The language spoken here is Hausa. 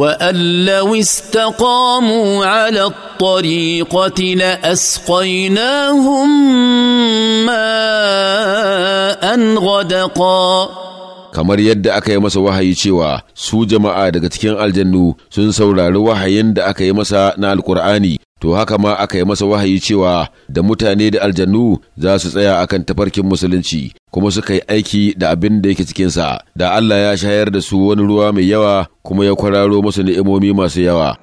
وان لو استقاموا على الطريقه لاسقيناهم ماء غدقا kamar yadda aka yi masa wahayi cewa su jama'a daga cikin aljannu sun saurari wahayin da aka yi masa na alkur'ani to haka ma aka yi masa wahayi cewa da mutane da aljannu za su tsaya akan tafarkin musulunci kuma suka yi aiki da abin da yake cikinsa da Allah ya shayar da su wani ruwa mai yawa kuma ya kwararo masu ni'imomi masu yawa